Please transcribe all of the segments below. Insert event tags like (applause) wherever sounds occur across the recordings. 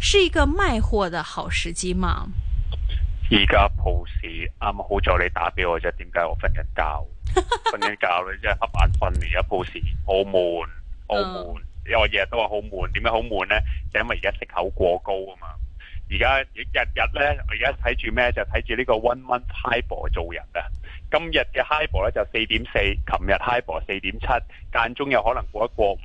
是一個賣貨的好時機嘛。而家鋪市啱好就你打俾我啫。點解我瞓緊覺瞓緊 (laughs) 覺你真係瞌眼瞓嚟啊！鋪市好悶，好悶，uh, 因為我日日都話好悶。點解好悶呢？就因為而家息口過高啊嘛。而家日日,日呢，而家睇住咩就睇住呢個 one month HIBOR 做人啊。今日嘅 HIBOR 咧就四點四，琴日 HIBOR 四點七，間中有可能過一過五，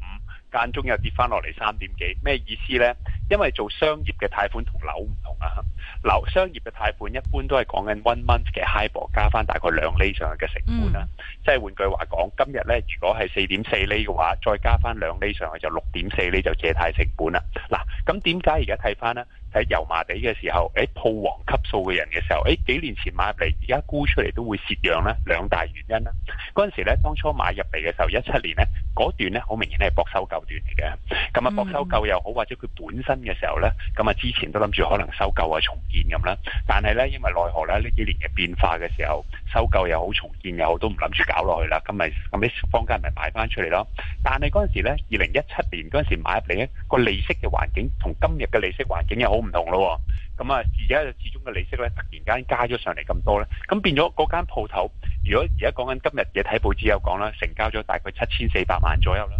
間中又跌翻落嚟三點幾。咩意思呢？因為做商業嘅貸款同樓唔同啊，樓商業嘅貸款一般都係講緊 one month 嘅 HIBOR 加翻大概兩厘上去嘅成本啦、啊嗯。即係換句話講，今日咧如果係四點四厘嘅話，再加翻兩厘上去就六點四厘就借貸成本啦。嗱，咁點解而家睇翻咧？喺油麻地嘅時候，誒、哎、鋪王級數嘅人嘅時候，誒、哎、幾年前買入嚟，而家沽出嚟都會蝕讓啦。兩大原因啦，嗰陣時咧，當初買入嚟嘅時候，一七年咧嗰段咧，好明顯係博收購段嚟嘅。咁啊，博收購又好，或者佢本身嘅時候咧，咁啊之前都諗住可能收購或重建咁啦。但係咧，因為奈何咧呢幾年嘅變化嘅時候，收購又好重建又好，都唔諗住搞落去啦。咁咪咁啲坊間咪賣翻出嚟咯。但係嗰陣時咧，二零一七年嗰陣時買入嚟咧，個利息嘅環境同今日嘅利息環境又好。唔同咯，咁、嗯、啊，而家就始終嘅利息咧，突然間加咗上嚟咁多咧，咁變咗嗰間鋪頭，如果而家講緊今日嘢睇報紙有講啦，成交咗大概七千四百萬左右啦，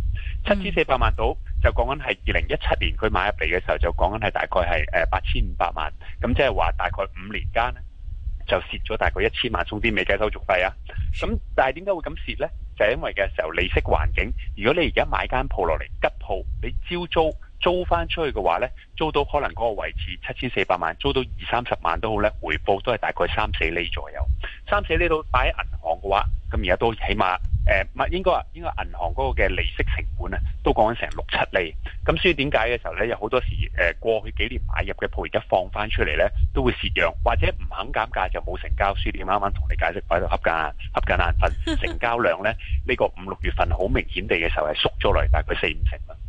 七千四百萬到就講緊係二零一七年佢買入嚟嘅時候就講緊係大概係八千五百萬，咁即係話大概五年間咧就蝕咗大概一千萬，送啲未計手續費啊，咁但係點解會咁蝕咧？就係、因為嘅時候利息環境，如果你而家買間鋪落嚟吉鋪，你招租，租翻出去嘅話呢，租到可能嗰個位置七千四百萬，租到二三十萬都好呢，回報都係大概三四厘左右。三四厘都擺喺銀行嘅話，咁而家都起碼誒、唔、呃、係應該話應該銀行嗰個嘅利息成本呢都降成六七厘。咁所以點解嘅時候呢，有好多時誒、呃、過去幾年買入嘅鋪而家放翻出嚟呢，都會蝕讓，或者唔肯減價就冇成交。所以啱啱同你解釋擺度洽價，洽緊難份，成交量呢，呢 (laughs) 個五六月份好明顯地嘅時候係縮咗落嚟，大概四五成。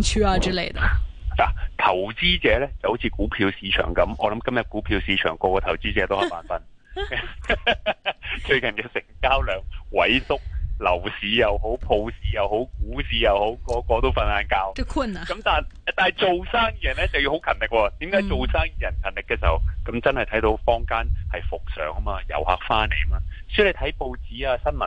區啊之類的嗱、啊，投資者呢就好似股票市場咁，我諗今日股票市場個個投資者都係眼瞓。 (laughs) (laughs) 最近嘅成交量萎縮，樓市又好，鋪市又好，股市又好，個個都瞓晏覺。咁但但係做生意人呢就要好勤力，哦，點解做生意人勤力嘅時候？嗯咁真係睇到坊間係復常啊嘛，遊客翻嚟啊嘛，所以你睇報紙啊、新聞誒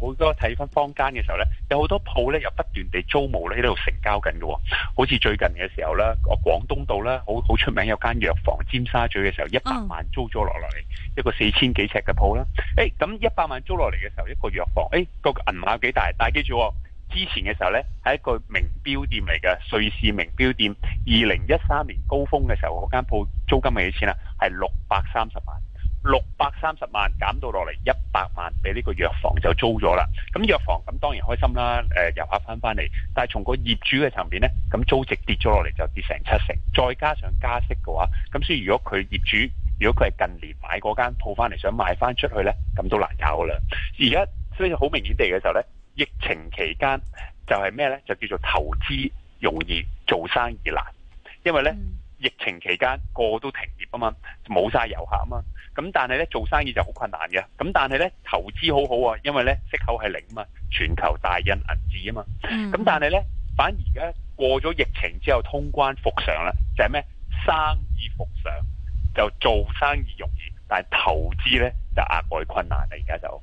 好、呃、多睇翻坊間嘅時候咧，有好多鋪咧又不斷地租務咧喺度成交緊嘅喎，好似最近嘅時候呢，個廣東道呢，好好出名有間藥房，尖沙咀嘅時候一百萬租咗落嚟一個四千幾尺嘅鋪啦，誒咁一百萬租落嚟嘅時候一個藥房，誒、欸、個銀碼幾大，但係記住、哦。之前嘅時候呢，係一個名標店嚟嘅，瑞士名標店。二零一三年高峰嘅時候，嗰間鋪租金係幾錢啊？係六百三十萬，六百三十萬減到落嚟一百萬，俾呢個藥房就租咗啦。咁藥房咁當然開心啦，誒、呃、遊客翻翻嚟。但係從個業主嘅層面呢，咁租值跌咗落嚟就跌成七成，再加上加息嘅話，咁所以如果佢業主如果佢係近年買嗰間鋪翻嚟想賣翻出去呢，咁都難搞啦。而家所以好明顯地嘅時候呢。疫情期間就係咩呢？就叫做投資容易做生意難，因為呢，嗯、疫情期間個個都停業啊嘛，冇晒遊客啊嘛。咁但係呢，做生意就好困難嘅，咁但係呢，投資好好啊，因為呢息口係零啊嘛，全球大印銀紙啊嘛。咁但係呢，反而而家過咗疫情之後通關復常啦，就係、是、咩？生意復常就做生意容易，但係投資呢，就額外困難啦，而家就。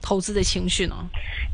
投資的情緒呢？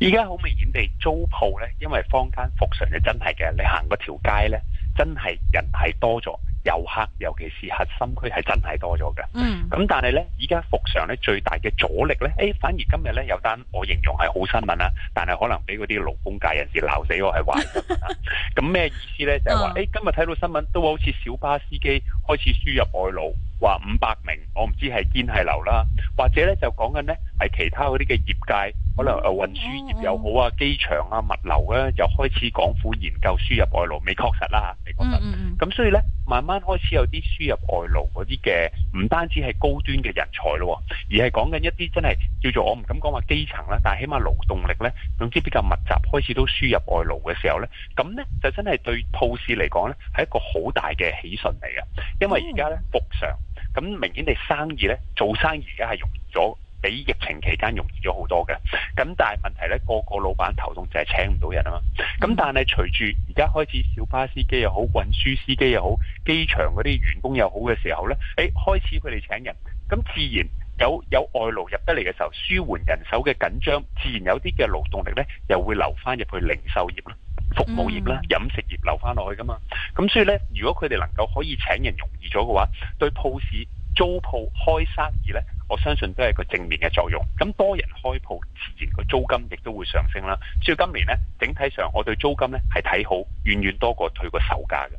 而家好明顯地租鋪呢，因為坊間復常就真係嘅，你行嗰條街呢，真係人係多咗，遊客尤其是核心區係真係多咗嘅。嗯，咁、嗯、但係呢，而家復常呢最大嘅阻力呢，誒、哎，反而今日呢有單我形容係好新聞啦，但係可能俾嗰啲勞工界人士鬧死我係壞人啦。咁 (laughs) 咩意思呢？就係、是、話，誒、嗯哎，今日睇到新聞都好似小巴司機。開始輸入外勞，話五百名，我唔知係堅係流啦，或者咧就講緊咧係其他嗰啲嘅業界，可能誒運輸業又好啊，機場啊、物流咧就開始港府研究輸入外勞，未確實啦，你覺得？咁、嗯嗯嗯、所以咧，慢慢開始有啲輸入外勞嗰啲嘅，唔單止係高端嘅人才咯，而係講緊一啲真係叫做我唔敢講話基層啦，但係起碼勞動力咧，總之比較密集，開始都輸入外勞嘅時候咧，咁咧就真係對鋪市嚟講咧係一個好大嘅喜訊嚟嘅。因為而家咧復常，咁明顯地生意咧，做生意而家係容易咗，比疫情期間容易咗好多嘅。咁但係問題咧，個個老闆頭痛就係請唔到人啊嘛。咁但係隨住而家開始小巴司機又好，運輸司機又好，機場嗰啲員工又好嘅時候咧，誒、欸、開始佢哋請人，咁自然。有有外勞入得嚟嘅時候，舒緩人手嘅緊張，自然有啲嘅勞動力呢，又會流翻入去零售業啦、服務業啦、嗯、飲食業流翻落去噶嘛。咁所以呢，如果佢哋能夠可以請人容易咗嘅話，對鋪市租鋪開生意呢，我相信都係個正面嘅作用。咁多人開鋪，自然個租金亦都會上升啦。所以今年呢，整體上我對租金呢係睇好，遠遠多過佢個售價嘅。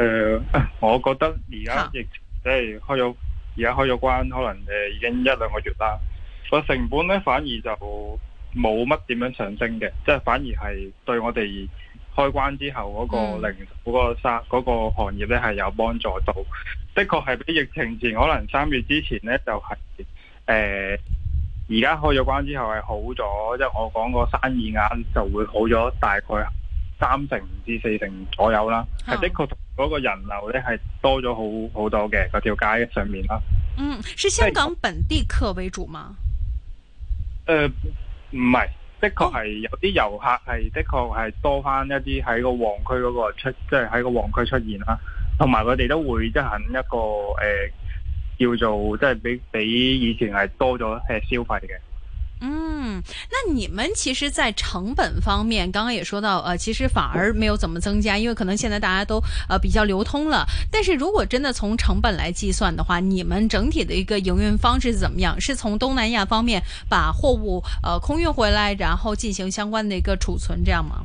誒、呃，我覺得而家疫情即係、哎、開咗，而家開咗關，可能誒、呃、已經一兩個月啦。個成本咧反而就冇乜點樣上升嘅，即係反而係對我哋開關之後嗰個零嗰、那個沙、嗯那個行業咧係有幫助到。的確係比疫情前可能三月之前咧就係、是、誒，而、呃、家開咗關之後係好咗，即係我講個生意額就會好咗大概。三成至四成左右啦，係、啊、的確同嗰個人流呢係多咗好好多嘅，嗰條街上面啦。嗯，是香港本地客為主嘛？誒、呃，唔係，的確係有啲遊客係的確係多翻一啲喺個旺區嗰個出，即係喺個旺區出現啦。同埋佢哋都會即係一個誒、呃、叫做即係比比以前係多咗係消費嘅。嗯，那你們其實，在成本方面，剛剛也說到，呃，其實反而沒有怎麼增加，因為可能現在大家都呃比較流通了。但是如果真的從成本來計算的話，你們整體的一個營運方式怎麼樣？是從東南亞方面把貨物呃空運回來，然後進行相關的一個儲存，這樣嗎？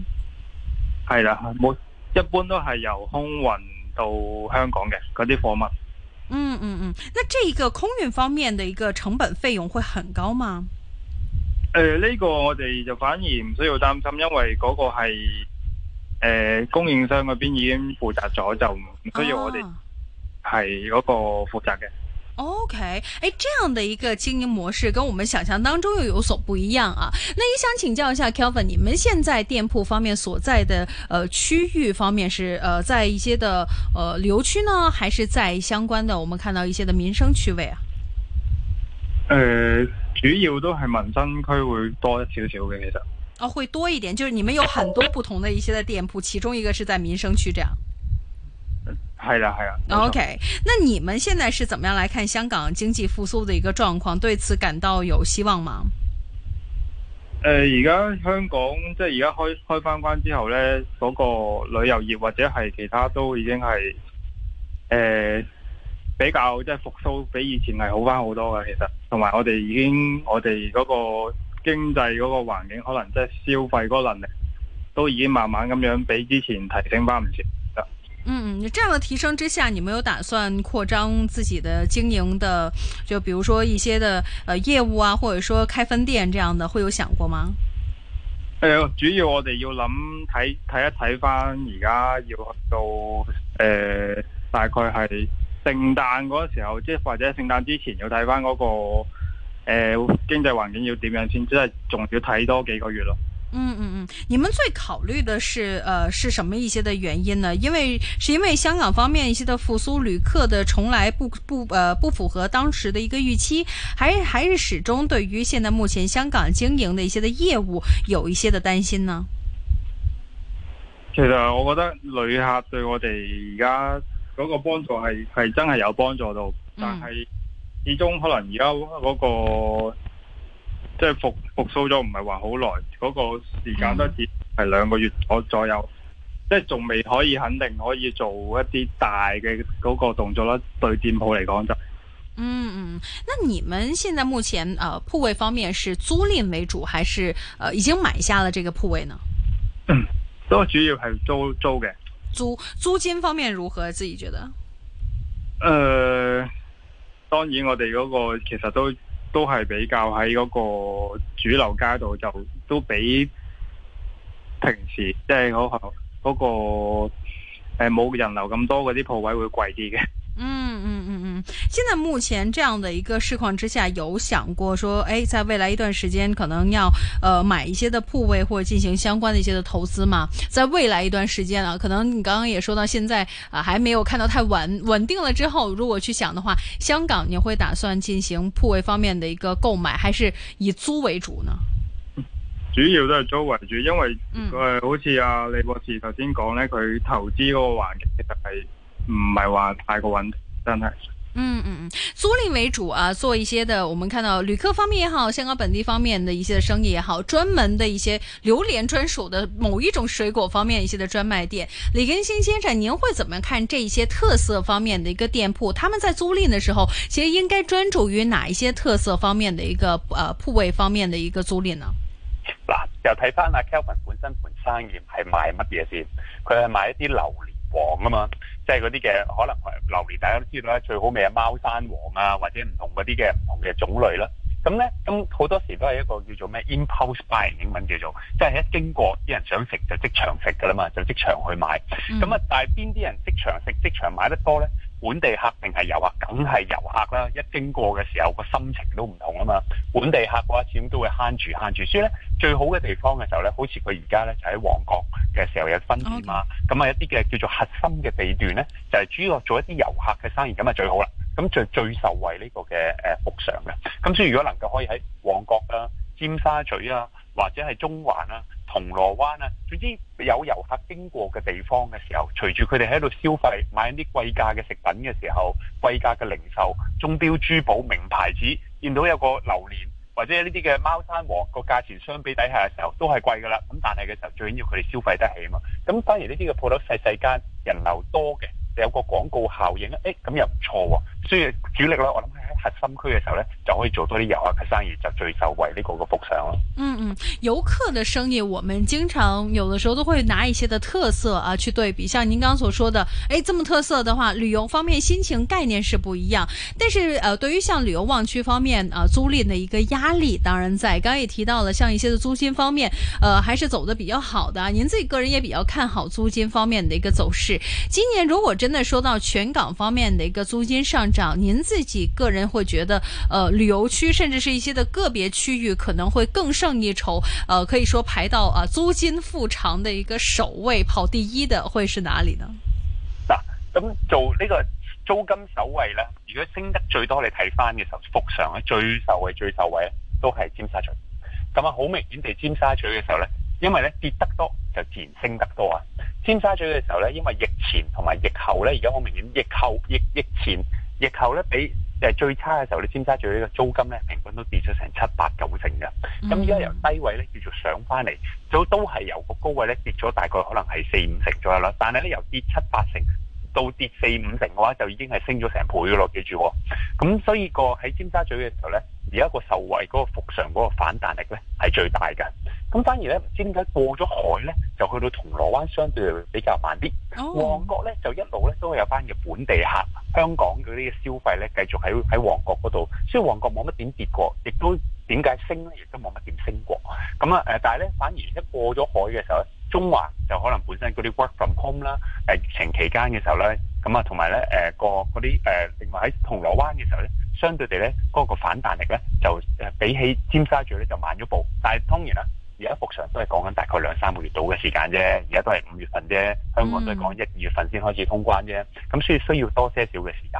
係啦，我一般都係由空運到香港嘅嗰啲貨物。嗯嗯嗯，那這一個空運方面的一個成本費用會很高嗎？誒、呃，呢、這個我哋就反而唔需要擔心，因為嗰個係誒、呃、供應商嗰邊已經負責咗，就唔需要我哋係嗰個負責嘅、啊。OK，誒、欸，這樣的一個經營模式跟我們想象當中又有所不一樣啊。那一想請教一下 Calvin，你們現在店鋪方面所在的誒區、呃、域方面是誒、呃、在一些的誒旅遊區呢，還是在相關的我們看到一些的民生區位啊？誒、呃。主要都係民生區會多一少少嘅，其實。哦，會多一點，就是你們有很多不同的一些嘅店鋪， (laughs) 其中一個是在民生區，這樣。係啦，係啦。OK，那你們現在是怎麼樣來看香港經濟復蘇的一個狀況？對此感到有希望嗎？誒、呃，而家香港即係而家開開翻關之後呢，嗰、那個旅遊業或者係其他都已經係誒。呃比較即係復蘇比以前係好翻好多嘅，其實同埋我哋已經我哋嗰個經濟嗰個環境，可能即係消費嗰個能力都已經慢慢咁樣比之前提升翻唔少啦。嗯，這樣的提升之下，你沒有打算擴張自己的經營的，就比如說一些的業務啊，或者說開分店這樣的，會有想過嗎？誒、呃，主要我哋要諗睇睇一睇翻而家要到誒、呃、大概係。聖誕嗰個時候，即係或者聖誕之前要睇返嗰個誒、呃、經濟環境要點樣先，即係仲要睇多幾個月咯。嗯嗯嗯，你們最考慮的是，誒、呃，是什麼一些的原因呢？因為是因為香港方面一些的復蘇旅客的從來不不，誒、呃、不符合當時的一個預期，還是還是始終對於現在目前香港經營的一些的業務有一些的擔心呢？其實我覺得旅客對我哋而家。嗰、那個幫助係係真係有幫助到，嗯、但係始終可能而家嗰個即係復復蘇咗，唔係話好耐，嗰、那個時間都只係兩個月左右，嗯、左右，即係仲未可以肯定可以做一啲大嘅嗰個動作啦。對店鋪嚟講就嗯嗯，那你們現在目前啊鋪、呃、位方面是租賃為主，還是、呃、已經買下了這個鋪位呢？都、嗯、主要係租租嘅。租租金方面如何，自己覺得？誒、呃，當然我哋嗰個其實都都係比較喺嗰個主流街道，就都比平時即係嗰個誒冇、那個呃、人流咁多嗰啲鋪位會貴啲嘅。嗯嗯嗯嗯，現在目前這樣的一個市況之下，有想過說，哎，在未來一段時間可能要呃買一些的鋪位或者進行相關的一些的投資嗎？在未來一段時間啊，可能你剛剛也說到，現在啊還沒有看到太穩穩定了之後，如果去想的話，香港你會打算進行鋪位方面的一個購買，還是以租為主呢？主要都係租為主，因為嗯，呃、好似啊，李博士頭先講咧，佢投資嗰個環境其實係唔係話太過穩定。安嗯嗯嗯，租賃為主啊，做一些的，我們看到旅客方面也好，香港本地方面的一些的生意也好，專門的一些榴蓮專屬的某一種水果方面一些的專賣店。李根興先生，您會怎麼看這一些特色方面的一個店鋪？他們在租賃的時候，其實應該專注於哪一些特色方面的一個呃鋪位方面的一個租賃呢？嗱，又睇翻阿、啊、Calvin 本身本身生意係賣乜嘢先？佢係賣一啲榴蓮王啊嘛。即係嗰啲嘅可能榴槤，大家都知道啦，最好味係貓山王啊，或者唔同嗰啲嘅唔同嘅種類啦。咁咧，咁好多時都係一個叫做咩？Impulse buy，英文叫做即係、就是、一經過啲人想食就即場食㗎啦嘛，就即場去買。咁、嗯、啊，但係邊啲人即場食、即場買得多咧？本地客定係遊客？梗係遊客啦。一經過嘅時候，個心情都唔同啊嘛。本地客嘅話，始終都會慳住慳住。所以咧，最好嘅地方嘅時候咧，好似佢而家咧就喺旺角嘅時候有分店啊。咁啊，一啲嘅叫做核心嘅地段咧，就係主要做一啲遊客嘅生意，咁啊最好啦。咁最最受惠呢個嘅誒上嘅。咁所以如果能夠可以喺旺角啊、尖沙咀啊，或者係中環啊。銅鑼灣啊，總之有遊客經過嘅地方嘅時候，隨住佢哋喺度消費買啲貴價嘅食品嘅時候，貴價嘅零售、鐘錶、珠寶、名牌子，見到有個榴槤或者呢啲嘅貓山王個價錢相比底下嘅時候都係貴㗎喇。咁但係嘅時候最緊要佢哋消費得起嘛。咁當然呢啲嘅鋪頭細細間人流多嘅就有個廣告效應、哎、啊，誒咁又唔錯喎，所以主力咯，我諗係。核心區嘅時候呢，就可以做多啲遊客嘅生意，就最受惠呢個個福相咯。嗯嗯，遊客嘅生意，我們經常有的時候都會拿一些的特色啊去對比，像您剛，剛所說的，誒，這麼特色的話，旅遊方面心情概念是不一樣。但是，呃，對於像旅遊旺區方面啊，租賃的一個壓力當然在。剛也提到了，像一些的租金方面，呃，還是走得比較好的。您自己個人也比較看好租金方面的一個走勢。今年如果真的說到全港方面的一個租金上漲，您自己個人。會覺得，呃，旅遊區甚至是一些的個別區域可能會更勝一籌，呃，可以說排到啊，租金復常的一個首位跑第一的會是哪裏呢？嗱、啊，咁做呢個租金首位呢？如果升得最多，你睇返嘅時候，幅上咧最受惠、最受惠咧都係尖沙咀。咁啊，好明顯地，尖沙咀嘅時候呢，因為咧跌得多就自然升得多啊。尖沙咀嘅時候呢，因為疫前同埋疫後呢，而家好明顯疫後疫疫前疫後咧比。最差嘅時候，咧尖沙咀嘅租金咧，平均都跌咗成七八九成嘅。咁依家由低位咧叫做上翻嚟，就都係由個高位咧跌咗大概可能係四五成左右啦。但係咧由跌七八成到跌四五成嘅話，就已經係升咗成倍嘅咯。記住喎，咁所以個喺尖沙咀嘅時候咧，而家個受惠嗰個復常嗰個反彈力咧係最大嘅。咁反而咧唔知點解過咗海咧，就去到銅鑼灣相對比較慢啲、哦嗯。旺角咧就一路咧都有班嘅本地客。香港嗰啲消費咧，繼續喺喺旺角嗰度，所以旺角冇乜點跌過，亦都點解升咧，亦都冇乜點升過。咁啊誒，但係咧反而一過咗海嘅時候，中環就可能本身嗰啲 work from home 啦，誒、呃、疫情期間嘅時候咧，咁啊同埋咧誒個嗰啲誒，另外喺銅鑼灣嘅時候咧，相對地咧嗰、嗰個反彈力咧就誒比起尖沙咀咧就慢咗步，但係當然啦。而家復常都係講緊大概兩三個月到嘅時間啫，而家都係五月份啫，香港都係講一月份先開始通關啫，咁所以需要多些少嘅時間。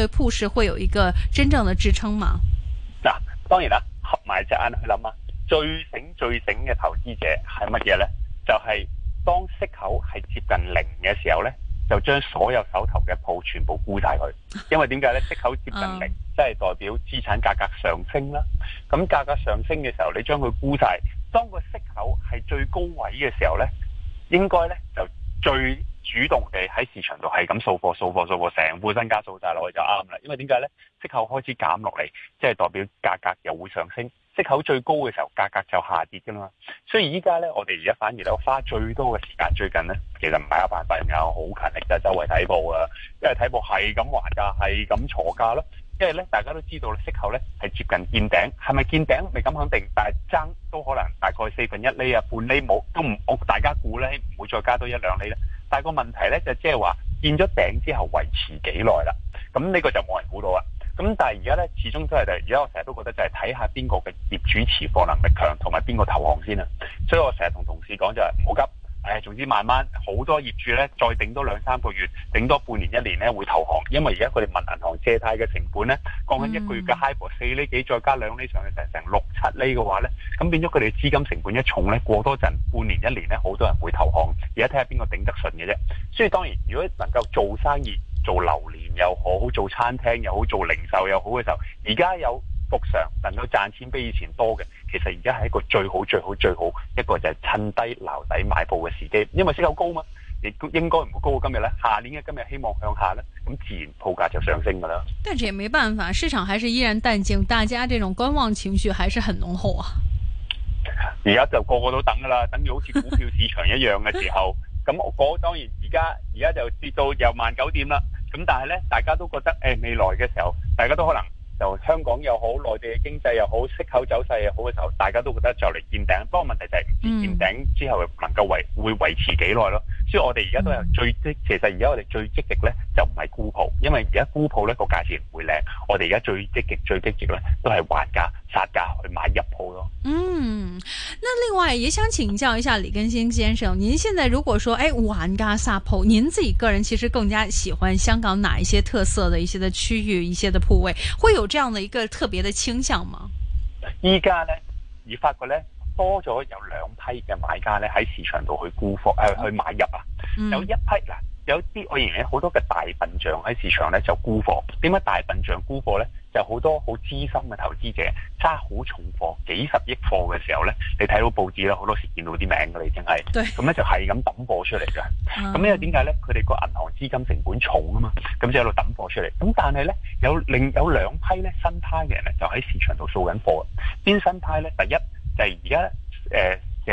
對鋪市會有一個真正的支撐嗎？嗱、啊，當然啦，合埋隻眼去諗啊！最醒最醒嘅投資者係乜嘢呢？就係、是、當息口係接近零嘅時候呢，就將所有手頭嘅鋪全部沽晒佢。因為點解呢？息口接近零，即 (laughs) 係代表資產價格上升啦。咁價格上升嘅時候，你將佢沽晒。當個息口係最高位嘅時候呢，應該呢就最。主動地喺市場度係咁掃貨、掃貨、掃貨，成副身家掃晒落去就啱啦。因為點解呢？息口開始減落嚟，即係代表價格又會上升。息口最高嘅時候，價格就下跌噶嘛。所以依家呢，我哋而家反而咧花最多嘅時間，最近呢，其實唔係有辦法，有好勤力就周圍睇舖啊。因為睇舖係咁還價，係咁坐價咯。因為呢，大家都知道咧，息口呢係接近見頂，係咪見頂未敢肯定，但係爭都可能大概四分一厘啊，半厘冇都唔，大家估呢，唔會再加多一兩厘呢。但係個問題咧，就即係話見咗頂之後維持幾耐啦，咁、這、呢個就冇人估到啦，咁但係而家咧，始終都係就而家我成日都覺得就係睇下邊個嘅業主持貨能力強，同埋邊個投降先啊！所以我成日同同事講就係唔好急。誒、哎，總之慢慢好多業主咧，再頂多兩三個月，頂多半年一年咧會投降，因為而家佢哋問銀行借貸嘅成本咧降緊一個月嘅 HIBOR 四厘幾，再加兩厘上去整整厘成成六七厘嘅話咧，咁變咗佢哋資金成本一重咧，過多陣半年一年咧，好多人會投降。看看而家睇下邊個頂得順嘅啫。所以當然，如果能夠做生意做榴蓮又好，做餐廳又好，做零售又好嘅時候，而家有。幅上能夠賺錢比以前多嘅，其實而家係一個最好最好最好一個就係趁低撈底買鋪嘅時機，因為息口高嘛，你應該唔會高過今日咧。下年嘅今日希望向下咧，咁自然鋪價就上升噶啦。但是也沒辦法，市場還是依然淡靜，大家這種觀望情緒還是很濃厚啊。而家就個個都等噶啦，等住好似股票市場一樣嘅時候，咁 (laughs) 我當然而家而家就跌到又萬九點啦。咁但係咧，大家都覺得誒、哎、未來嘅時候，大家都可能。就香港又好，內地嘅經濟又好，息口走勢又好嘅時候，大家都覺得就嚟見頂。不過問題就係唔知見頂之後能夠維會維持幾耐咯。所以我哋而家都係最積、嗯，其實而家我哋最積極咧就唔係沽鋪，因為而家沽鋪咧，個價錢唔會靚。我哋而家最積極、最積極咧都係還價、殺價去買入。另外，也想請教一下李根興先生，您現在如果說，誒、哎，哇，家睇下，您自己個人其實更加喜歡香港哪一些特色的一些的區域、一些的鋪位，會有這樣的一個特別的傾向嗎？依家呢，我發覺呢，多咗有兩批嘅買家呢喺市場度去沽貨誒，去買入啊。嗯、有一批嗱，有啲我形容好多嘅大笨象喺市場呢，就沽貨，點解大笨象沽貨呢？就好多好資深嘅投資者揸好重貨，幾十億貨嘅時候呢，你睇到報紙啦，好多時見到啲名㗎啦，已經係，咁、嗯、呢，就係咁抌貨出嚟嘅。咁因為點解呢？佢哋個銀行資金成本重啊嘛，咁就喺度抌貨出嚟。咁但係呢，有另有兩批呢，新派嘅人呢，就喺市場度掃緊貨。邊新派呢？第一就係而家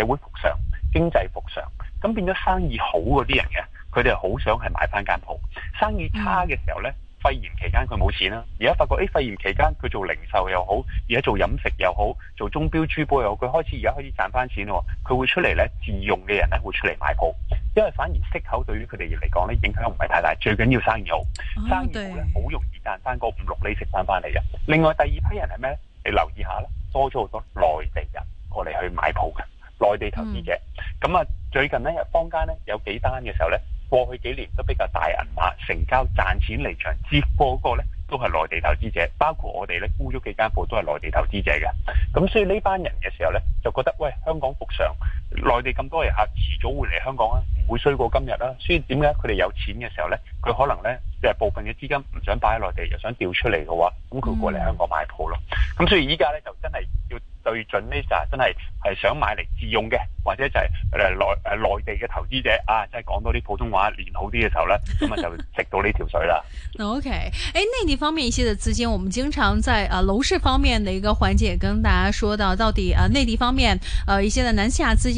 社會復常、經濟復常，咁變咗生意好嗰啲人嘅，佢哋好想係買翻間鋪。生意差嘅時候呢，嗯肺炎期間佢冇錢啦，而家發覺誒肺、欸、炎期間佢做零售又好，而家做飲食又好，做鐘錶、珠寶又好，佢開始而家開始賺翻錢喎。佢會出嚟咧，自用嘅人咧會出嚟買鋪，因為反而息口對於佢哋嚟講咧影響唔係太大，最緊要生意好、哦，生意好咧好容易賺翻個五六厘食翻翻嚟啊！另外第二批人係咩咧？你留意下啦，多咗好多內地人過嚟去買鋪嘅內地投資者。咁、嗯、啊、嗯，最近呢日坊間咧有幾單嘅時候咧。過去幾年都比較大銀碼成交，賺錢離場，接個個呢都係內地投資者，包括我哋呢，沽咗幾間鋪都係內地投資者嘅，咁所以呢班人嘅時候呢，就覺得喂，香港復常。」內地咁多遊客，遲早會嚟香港啊，唔會衰過今日啦。所以點解佢哋有錢嘅時候咧，佢可能咧即係部分嘅資金唔想擺喺內地，又想調出嚟嘅話，咁佢過嚟香港買鋪咯。咁、嗯嗯、所以依家咧就真係要對準呢就真係係想買嚟自用嘅，或者就係、是呃呃呃、內地嘅投資者啊，即係講多啲普通話，練好啲嘅時候咧，咁 (laughs) 啊就食到呢條水啦。O K，誒內地方面一些嘅資金，我們經常在啊、呃、樓市方面的一個環節跟大家說到，到底啊、呃、內地方面，誒、呃、一些嘅南下資金。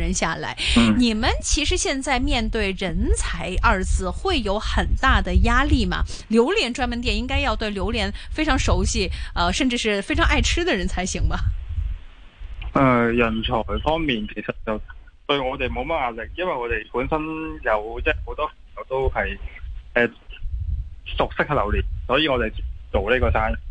人下來，你們其實現在面對人才二字會有很大的壓力嗎？榴蓮專門店應該要對榴蓮非常熟悉，呃、甚至是非常愛吃的人才行嗎？誒、呃，人才方面其實就對我哋冇乜壓力，因為我哋本身有即係好多朋友都係誒、呃、熟悉嘅榴蓮，所以我哋做呢個生意。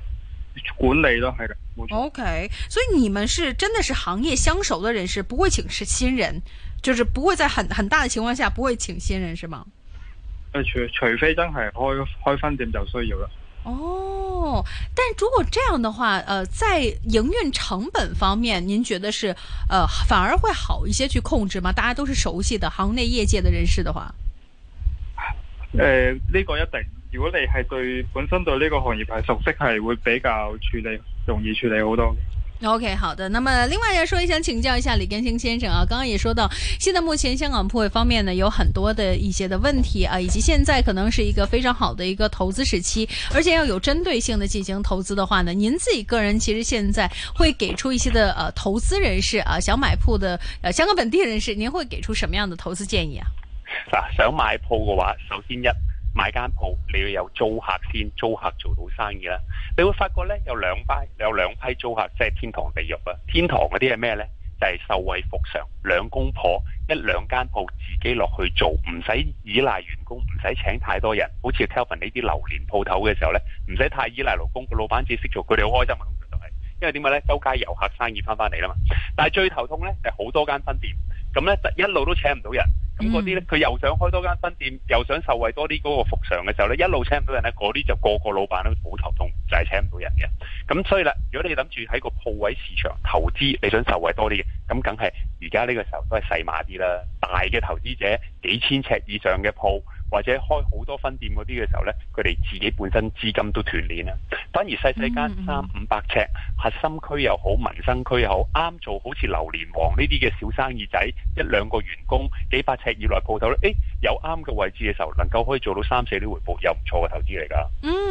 管理咯，係啦。OK，所以你們是真的是行業相熟的人士，不會請是新人，就是不會在很很大的情況下不會請新人，是嗎？誒、呃，除除非真係開開分店就需要啦。哦，但如果這樣的話，呃，在營運成本方面，您覺得是呃，反而會好一些去控制嗎？大家都是熟悉的行內業界的人士的話。誒、嗯，呢、呃這個一定。如果你係對本身對呢個行業係熟悉，係會比較處理容易處理好多。OK，好的。那麼另外要說，想請教一下李根興先生啊，剛剛也說到，現在目前香港鋪位方面呢，有很多的一些的問題啊，以及現在可能是一個非常好的一個投資時期，而且要有針對性的進行投資的話呢，您自己個人其實現在會給出一些的，呃、啊，投資人士啊，想買鋪的，呃、啊，香港本地人士，您會給出什麼樣的投資建議啊？嗱、啊，想買鋪嘅話，首先一。買間鋪你要有租客先，租客做到生意啦。你會發覺呢，有兩批，有兩批租客即係天堂地獄啊！天堂嗰啲係咩呢？就係、是、受惠服常。兩公婆一兩間鋪自己落去做，唔使依賴員工，唔使請太多人。好似 Calvin 呢啲榴槤鋪頭嘅時候呢，唔使太依賴勞工，個老闆只識做，佢哋好開心啊！通常都係，因為點解呢？周街遊客生意翻返嚟啦嘛。但係最頭痛呢，係好多間分店，咁呢，一路都請唔到人。咁嗰啲咧，佢又想開多間分店，又想受惠多啲嗰個服常嘅時候咧，一路請唔到人咧，嗰啲就個個老闆都好頭痛，就係請唔到人嘅。咁所以啦，如果你諗住喺個鋪位市場投資，你想受惠多啲嘅，咁梗係而家呢個時候都係細碼啲啦，大嘅投資者幾千尺以上嘅鋪。或者開好多分店嗰啲嘅時候呢，佢哋自己本身資金都斷鏈啦。反而細細間三五百尺，核心區又好，民生區又好，啱做好似榴槤王呢啲嘅小生意仔，一兩個員工，幾百尺以內鋪頭呢，誒有啱嘅位置嘅時候，能夠可以做到三四啲回報，有唔錯嘅投資嚟㗎。